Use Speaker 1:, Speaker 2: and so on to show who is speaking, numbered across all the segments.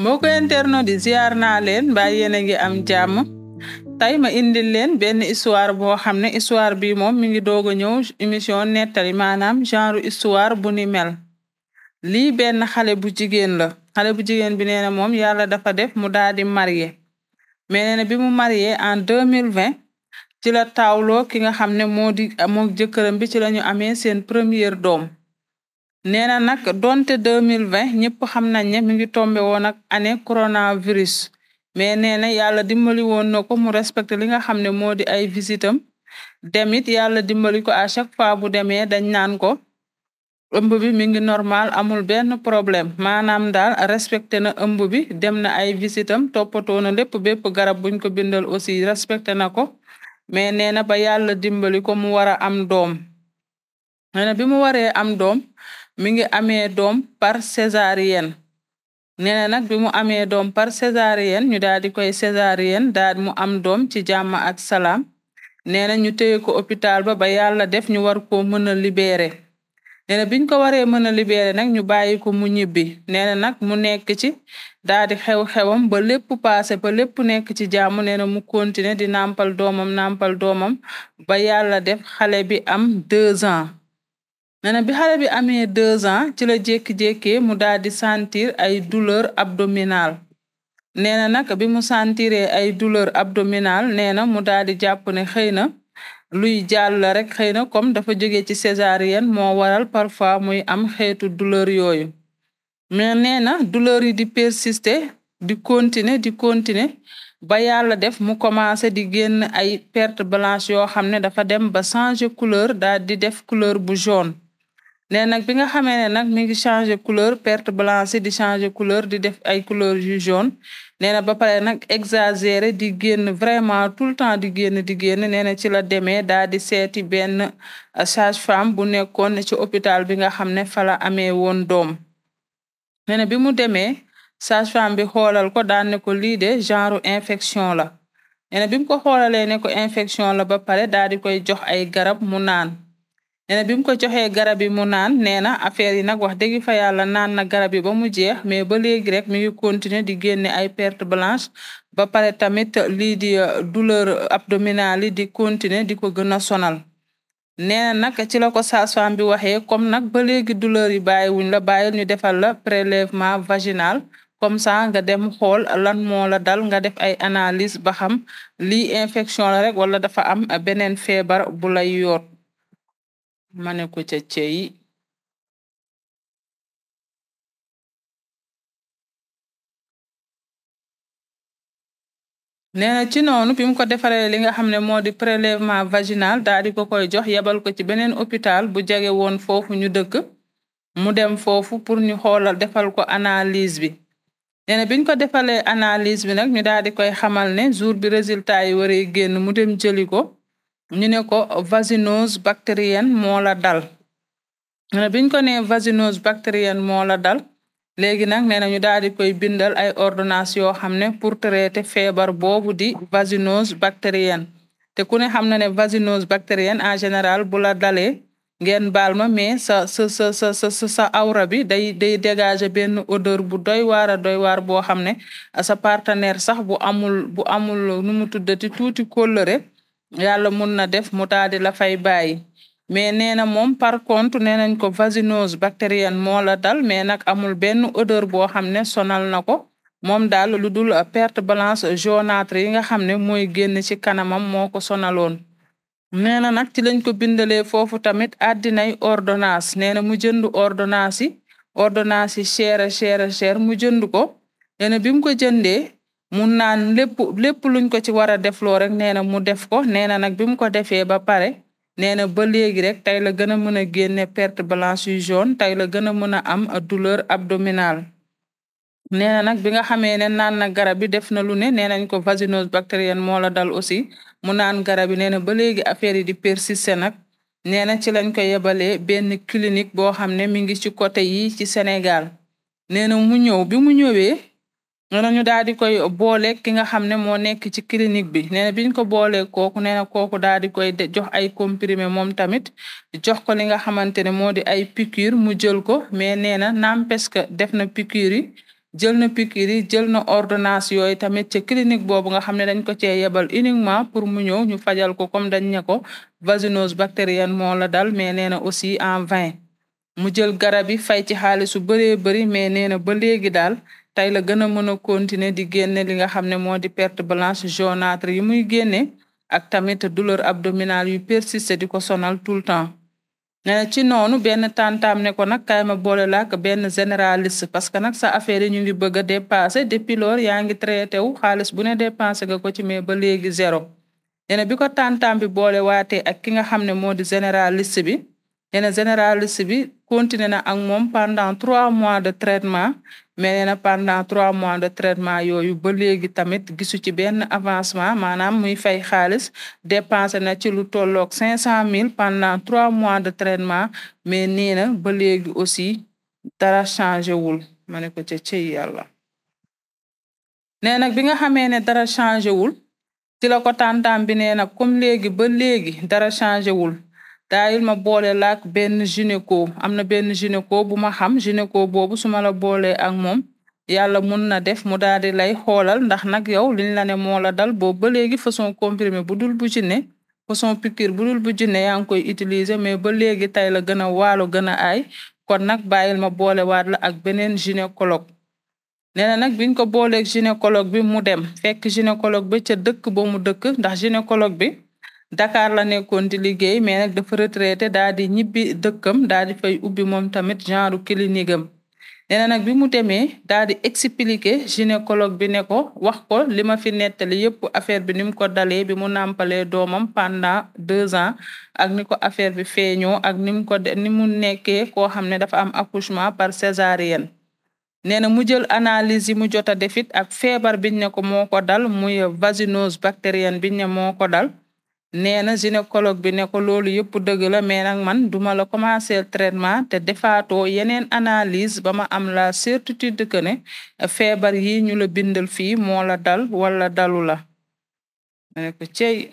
Speaker 1: mbokk internautes di ziar naa leen mbaa yéen a ngi am jàmm tey ma indil leen benn histoire boo xam ne histoire bi moom mi ngi doog a ñëw émission nettali maanaam genre histoire bu ni mel lii benn xale bu jigéen la xale bu jigéen bi nee na moom yàlla dafa def mu daal di marié mais nee bi mu marié en 2020 ci la taawloo ki nga xam ne moo di moo jëkkëram bi ci la ñu amee seen première doom nee na nag donte deux mille vingt ñëpp xam nañ ne mi ngi tombé woon ak année coronavirus mais nee na yàlla dimbali woon na ko mu respecté li nga xam ne moo di ay visitam demit yàlla dimbali ko à chaque fois bu demee dañ naan ko ëmb bi mi ngi normal amul benn problème maanaam daal respecté na ëmb bi dem na ay visitam toppatoo na lépp bépp garab buñ ko bindal aussi respecté na ko mais nee na ba yàlla dimbali ko mu war a am doom nee na bi am doom mi ngi amee doom par césarienne nee na nag bi mu amee doom par césarienne ñu daal di koy césarienne daal mu am doom ci jàmm ak salaam nee na ñu téye ko hôpital ba ba yàlla def ñu war ko mën a libéré nee biñ ko waree mën a libéré nag ñu bàyyi ko mu ñibbi nee na nag mu nekk ci daal xew-xewam ba lépp passé ba lépp nekk ci jàmm nee na mu continuer di nàmpal doomam nampal doomam ba yàlla def xale bi am deux ans nee bi xale bi amee deux ans ci la jékki-jékkee mu daal di sentir ay douleur abdominale nee na nag bi mu sentiree ay douleur abdominale nee na mu daal di jàpp ne xëy na luy jàll rek xëy na comme dafa jóge ci césarienne moo waral parfois muy am xeetu douleur yooyu mais nee na douleur yi di persister di continuer di continuer ba yàlla def mu commencé di génn ay perte blanche yoo xam ne dafa dem ba changer couleur daal di def couleur bu jaune nee nag bi nga xamee ne nag mi ngi changé couleur perte blanche di changé couleur di def ay couleur yu jaune nee na ba pare nag exagéré di génn vraiment tout le temps di génn di génn nee na ci la demee daa di seeti benn euh, sage-femme bu nekkoon ci hôpital bi nga xam ne fa la amee woon doom nee na bi mu demee sage-femme bi xoolal ko daan ne ko lii de genre infection la nee na bi mu ko xoolalee ne ko infection la ba pare daa di koy jox ay garab mu naan nee na bi mu ko joxee garab yi mu naan nee na affaire yi nag wax dëgg fa yàlla naan na garab yi ba mu jeex mais ba léegi rek mi ngi continuer di génne ay perte blanche ba pare tamit lii di euh, douleur abdominale yi di continuer di ko gën a sonal. nee na nag ci la ko sage bi waxee comme nag ba léegi douleur yi bàyyiwuñ la bàyyil ñu defal la prélèvement vaginal. comme ça nga dem xool lan moo dal nga def ay analyse ba xam lii infection la rek wala dafa am beneen feebar bu lay yoot ma ne ko ca cey neena ci noonu bi mu ko defaree li nga xam ne moo di prélèvement vaginal daal di ko koy jox yabal ko ci beneen hôpital bu jege woon foofu ñu dëkk mu dem foofu pour ñu xoolal defal ko analyse bi neena biñ ko defalee analyse bi nag ñu daal di koy xamal ne jour bi résultat yi ware génn mu dem jëli ko ñu ne ko vaginose bactérienne moo la dal ñu biñ ko nee vaginose bactérienne moo la dal léegi nag nee na ñu daal di koy bindal ay ordonnance yoo xam ne pour traiter feebar boobu di vaginose bactérienne te ku ne xam na ne vaginose bactérienne en général bu la dalee ngeen baal ma mais sa sa sa sa awra bi day day dégager benn odeur bu doy waar doy waar boo xam ne sa partenaire sax bu amul bu amul nu mu tuddati tuuti kóllëre yàlla mun na def mu daal la fay bàyyi mais nee na moom par contre nee nañ ko vaginose bactérienne moo la dal mais nag amul benn odeur boo xam ne sonal na ko moom daal lu dul perte balance jaunâtre yi nga xam ne mooy génn ci kanamam moo ko sonaloon. nee na nag ci lañ ko bindalee foofu tamit addinay ordonnance nee na mu jënd ordonnance yi ordonnance yi cher cher mu jënd ko nee ko jëndee. mu naan lépp lépp luñ ko ci war a defloo rek nee na mu def ko nee na nag bi mu ko defee ba pare nee na ba léegi rek tey la gën a mën a génne perte blanche yu jaune tey la gën a mën a am douleur abdominale. nee na nag bi nga xamee ne naan na garab bi def na lu ne nee nañ ko vaginose bactérienne moo la dal aussi mu naan garab yi nee na ba léegi affaire yi di persister nag nee na ci lañ ko yebalee benn clinique boo xam ne mi ngi ci côté yi ci Sénégal nee na mu ñëw bi mu ñëwee. noonu ñu daal di koy boole ki nga xam ne moo nekk ci clinique bi nee biñ ko boole kooku nee na kooku daal di koy jox ay comprimé moom tamit jox ko li nga xamante ne moo di ay piqûre mu jël ko mais nee na n'empêche que def na piqûre yi jël na piqûre yi jël na ordonnance yooyu tamit ci clinique boobu nga xam ne dañ ko cee yebal uniquement pour mu ñëw ñu fajal ko comme dañ ne ko vaginose bactérienne moo la dal mais nee na aussi en vain mu jël garab yi fay ci xaalis su bëree bëri mais nee na ba léegi daal tey la gën a mën a continuer di génne li nga xam ne moo di perte balance jaunâtre yi muy génne ak tamit douleur abdominale yu persiste di ko sonal tout le temps ne na ci noonu benn tantaam ne ko nag kaay ma boole la ak benn généraliste parce que nag sa affaire yi ñu ngi bëgg a dépassé depuis loolu yaa ngi traité wu xaalis bu ne dépensé nga ko ci mais ba léegi zéro nee na bi ko tantaam bi boole ak ki nga xam ne moo di généraliste bi nee généraliste bi continué na ak moom pendant trois mois de traitement mais nee na pendant trois mois de traitement yooyu ba léegi tamit gisu ci benn avancement maanaam muy fay xaalis dépensé na ci lu tolloog cinq cent mille pendant trois mois de traitement mais nee na ba léegi aussi dara changé wul ma ne ko ca cëy yàlla nee nag bi nga xamee ne dara changé wul ci la ko tàntaam bi nee nag comme léegi ba léegi dara changé wul daayil ma boole laak benn gynéco am na benn gynéco bu ma xam gynéco boobu su ma la boolee ak moom yàlla mun na def mu daal di lay xoolal ndax nag yow liñ la ne moo dal boobu ba léegi façon comprimé bu dul bu jinne façon piqûre bu dul bu jinne yaa ngi koy utiliser mais ba léegi tey la gën a waalo gën a aay kon nag bàyyil ma boole waat la ak beneen gynécologue nee na nag biñ ko booleeg gynécologue bi mu dem fekk gynécologue ba ca dëkk ba mu dëkk ndax gynécologue bi Dakar la nekkoon di liggéey mais nag dafa retraité daal di ñibbi dëkkam daal di fay ubbi moom tamit genre clinique am nee na nag bi mu demee daal di expliquer gynécologue bi ne ko wax ko li ma fi nettali yëpp affaire bi ni mu ko dalee bi mu nàmpalee doomam pendant deux ans ak ni ko affaire bi feeñoo ak ni mu ko ni mu nekkee koo xam ne dafa am accouchement par césarienne nee na mu jël analyse yi mu jot a defit ak feebar biñ ne ko moo ko dal muy vaginose bactérienne biñ ne moo ko dal nee na gynécologue bi ne ko loolu yëpp dëgg la mais nag man duma la commencer traitement te defaatoo yeneen analyse ba ma am la certitude que ne feebar yi ñu la bindal fii moo la dal wala dalu la ma ne ko cey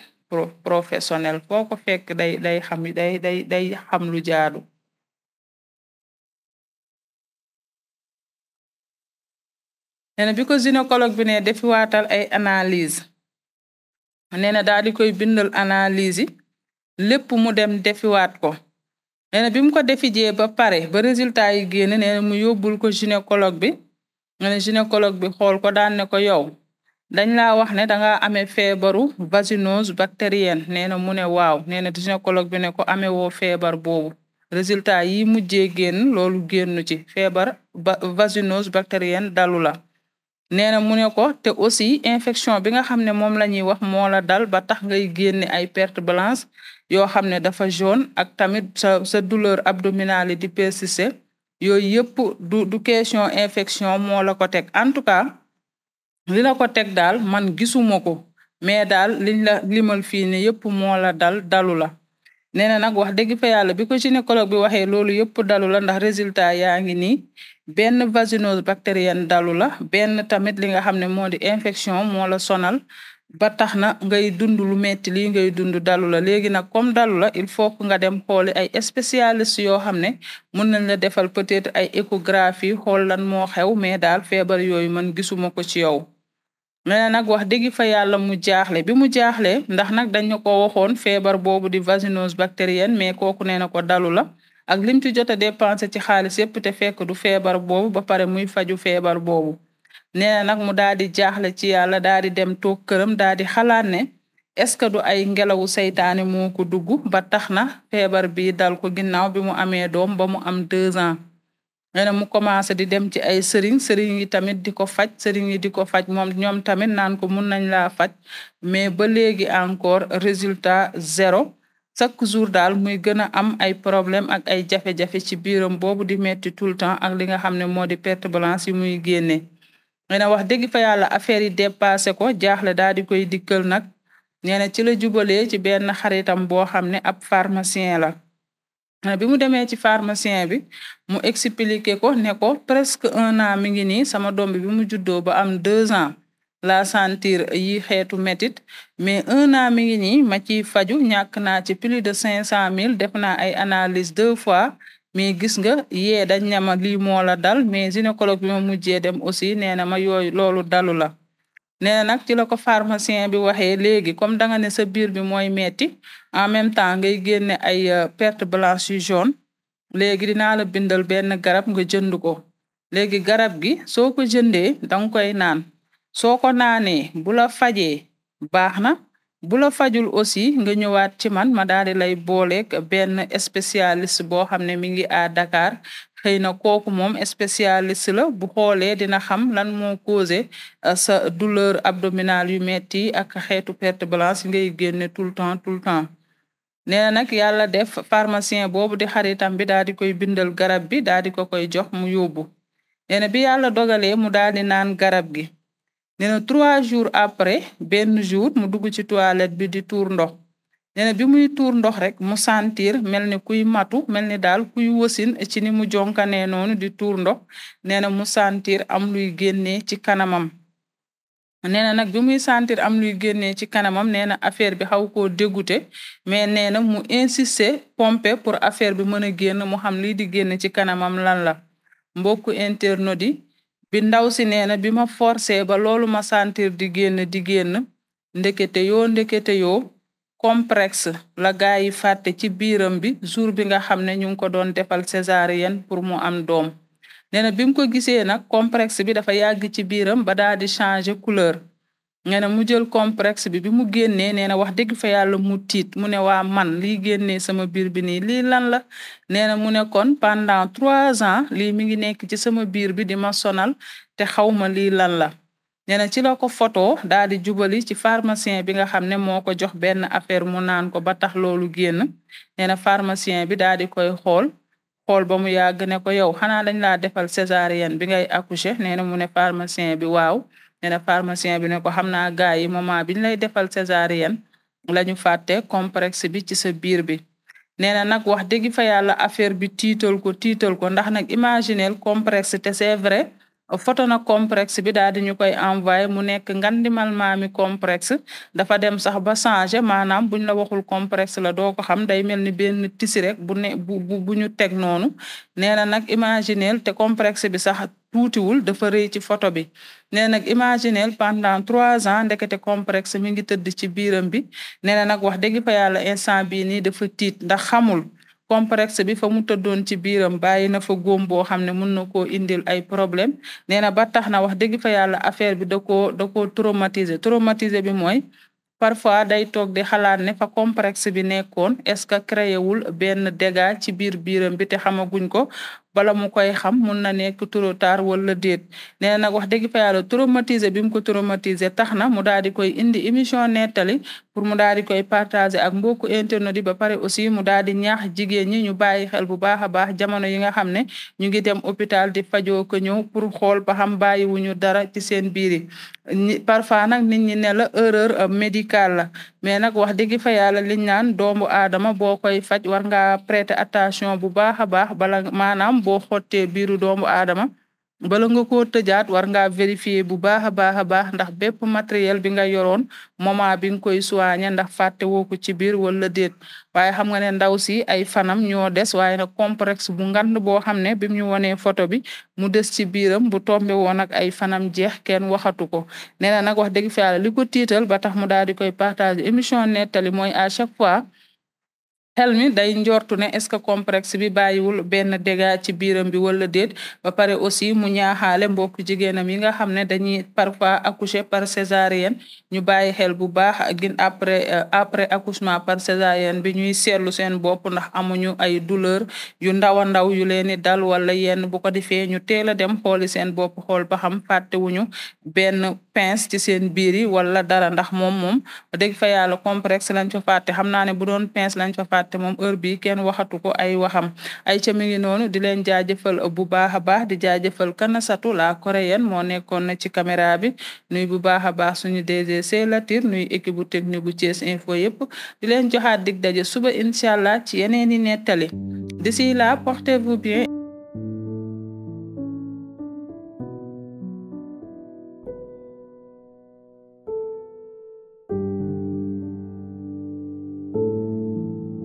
Speaker 1: professionnel foo ko day day xam day day day lu jaadu nee na gynécologue bi ne ay analyse nee na daal di koy bindal analyse yi lépp mu dem defiwaat ko nee na bi mu ko defi jee ba pare ba résultat yi génn nee na mu yóbbul ko gynécologue bi nee na bi xool ko daan ne ko yow dañ laa wax ne danga amee feebaru vaginose bactérienne nee na mu ne waaw nee na gynécologue bi ne ko amee feebar boobu résultat yi mujjee génn loolu génnu ci feebar vaginose bactérienne dalu la nee na mu ne ko te aussi infection bi nga xam ne moom la ñuy wax moo la dal ba tax ngay génne ay perte blanche yoo xam ne dafa jaune ak tamit sa sa douleur abdominale yi di persister yooyu yëpp du du question infection moo la ko teg en tout cas li la ko teg daal man gisuma ko mais daal liñ la limal fii ne yëpp moo la dal dalu la nee na nag wax dëgg fa yàlla bi ko gynécologue bi waxee loolu yëpp dalu la ndax résultat yaa ngi nii benn vaginose bactérienne dalu la benn tamit li nga xam ne moo di infection mola sonal ba tax na ngay dund lu metti lii ngay dund dalu la léegi nag comme dalu la il faut que nga dem xooli ay spécialiste yoo xam ne mën nañ la defal peut-être ay échographie xool lan moo xew mais daal feebar yooyu man gisuma ko ci yow mais nag wax dëgg fa yàlla mu jaaxle bi mu jaaxle ndax nag dañu ko waxoon feebar boobu di vaginose bactérienne mais kooku nee na ko dalu la ak lim ci jot a ci xaalis yépp te fekk du feebar boobu ba pare muy faju feebar boobu nee nag mu daal di jaaxle ci yàlla daal di dem toog këram daal di xalaat ne est-ce que du ay ngelawu seytaane moo ko dugg ba tax na feebar bi dal ko ginnaaw bi mu amee doom ba mu am deux ans nee na mu commencé di dem ci ay sëriñ sëriñ yi tamit di ko faj sëriñ yi di ko faj moom ñoom tamit naan ko mun nañ laa faj mais ba léegi encore résultat zéro chaque jour daal muy gën a am ay problème ak ay jafe-jafe ci biiram boobu di metti tout le temps ak li nga xam ne moo di perte blanche yi muy génnee nee na wax dëgg fa yàlla affaire yi dépassé ko jaaxle daal di koy dikkal nag nee ci la jubalee ci benn xaritam boo xam ne ab pharmacien la Euh, bi mu demee ci pharmacien bi mu expliqué ko ne ko presque un an mi ngi nii sama doom bi bi mu juddoo ba am deux ans la sentir yi xeetu métit mais un an mi ngi nii ma ci faju ñàkk naa ci plus de cinq cent mille def naa ay analyse deux fois mais gis nga yee dañ ne lii moo la dal mais gynécologue bi ma mujjee dem aussi nee na ma yooyu loolu dalu la nee na nag ci la ko pharmacien bi waxee léegi comme danga ne sa biir bi mooy metti en même temps ngay génne ay euh, perte blanche yu jaune léegi dinaa la bindal benn garab nga jënd ko léegi garab gi soo ko jëndee danga koy naan soo ko naanee bu la fajee baax na bu la fajul aussi nga ñëwaat ci man ma daal di lay booleeg benn spécialiste boo xam ne mi ngi à Dakar xëy na kooku moom spécialiste la bu xoolee dina xam lan moo causé euh, sa douleur abdominale yu metti ak xeetu perte balance ngay génne tout le temps tout le temps nee na nag yàlla def pharmacien boobu di xaritam bi daal di koy bindal garab bi daal di ko koy jox mu yóbbu nee bi yàlla dogalee mu daal di naan garab gi nee na trois jours après benn jour mu dugg ci toilette bi di tuur ndox nee na bi muy tuur ndox rek mu sentir mel ni kuy matu mel ni daal kuy wasin ci ni mu jonkanee noonu di tuur ndox nee na mu sentir am luy génnee ci kanamam nee na nag bi muy am luy génnee ci kanamam nee na affaire bi xaw koo dégoûté mais nee na mu insister pompe pour affaire bi mën a génn mu xam lii di génn ci kanamam lan la mbokku internaute yi bi ndaw si nee na bi ma forcé ba loolu ma sentir di génn di génn ndekete yoo ndekete yoo complexe la gaa yi fàtte ci biiram bi jour bi nga xam ne ñu ngi ko doon defal césarienne pour mu am doom nee na bi mu ko gisee nag complexe bi dafa yàgg ci biiram ba daal di changer couleur nee na mu jël complexe bi bi mu génnee nee na wax dëgg fa yàlla mu tiit mu ne waa man lii génnee sama biir bi nii lii lan la nee na mu ne kon pendant trois ans lii mi ngi nekk ci sama biir bi di ma sonal te xaw ma lii lan la nee na ci la ko photo daal di jubali ci pharmacien bi nga xam ne moo ko jox benn affaire mu naan ko ba tax loolu génn nee na pharmacien bi daal di koy xool xool ba mu yàgg ne ko yow xanaa dañ laa defal césarienne bi ngay accoucher nee na mu ne pharmacien bi waaw nee na pharmacien bi ne ko xam naa gars yi moment biñ lay defal césarienne lañu fàtte complexe bi ci sa biir bi nee na nag wax dëgg fa yàlla affaire bi tiital ko tiital ko ndax nag imaginer complexe te c'est foto na complexe bi daal di koy envoyé mu nekk ngandimal maami complexe dafa dem sax ba changé maanaam buñ la waxul complexe la doo ko xam day mel ni benn tissi rek bu ne bu bu ñu teg noonu nee na nag imaginel te complexe bi sax tuutiwul dafa rëy ci photo bi nee nag imaginel pendant trois ans ndekete complexe mi ngi tëdd ci biiram bi nee na nag wax dëgg fa instant bii nii dafa tiit ndax xamul complexe bi fa mu tëddoon ci biiram bàyyi na fa góom boo xam ne mun na koo indil ay problème nee na ba tax na wax dëgg fa yàlla affaire bi da koo da koo traumatiser traumatiser bi mooy parfois day toog di xalaat ne fa complexe bi nekkoon est-ce que créé wul benn dégât ci biir biiram bi te xamaguñ ko bala mu koy xam mun na nekk trop tard wala déet nee nag wax dëgg fa yàlla traumatisé bi mu ko traumatisé tax na mu daal di koy indi émission nettali pour mu daal di koy partager ak mbokku internet yi ba pare aussi mu daal di ñaax jigéen ñi ñu bàyyi xel bu baax a baax jamono yi nga xam ne ñu ngi dem hôpital di fajoo ko ñëw pour xool ba xam bàyyiwuñu dara ci seen biir yi parfois nag nit ñi ne la erreur euh, médicale la mais nag wax dëgg fa yàlla liñ naan doomu aadama boo koy faj war nga prêter attention bu baax a baax bala maanaam boo xottee biiru doomu aadama bala nga ko tëjaat war ngaa vérifier bu baax a baax a baax ndax bépp matériel bi nga yoroon moment bi nga koy soigner ndax fàtte woo ko ci biir wala déet waaye xam nga ne ndaw si ay fanam ñoo des waaye nag complexe bu ngand boo xam ne bi mu ñu wonee photo bi mu des ci biiram bu tombe woon ak ay fanam jeex kenn waxatu ko nee na nag wax dëgg fi yàlla li ko tiital ba tax mu daal di koy partage émission nettali mooy à chaque fois xel mi day njortu ne est-ce que complexe bi bàyyiwul benn dégât ci biiram bi wala déet ba pare aussi mu ñaaxaale mbokk jigéenam yi nga xam ne dañuy parfois accoucher par césarienne ñu bàyyi xel bu baax gin après euh, après accouchement par césarienne bi ñuy seetlu seen bopp ndax amuñu ay douleur yu ndaw a ndaw yu leen di dal wala yenn bu ko defee ñu teel a dem xooli seen bopp xool ba xam fàttewuñu benn pince ci seen biir yi wala dara ndax moom moom dégg fa yàlla complexe lañ fa fàtte xam naa ne bu doon pince waxaat te moom heure bi kenn waxatu ko ay waxam ay ca mi ngi noonu di leen jaajëfal bu baax a baax di jaajëfal kanasatu la coréenne moo nekkoon ci caméra bi nuy bu baax a baax suñu DGC Latir nuy équipe bu technique bu Thiès Info yëpp di leen joxaat dig daje suba incha allah ci yeneen i nettali d'ici là bien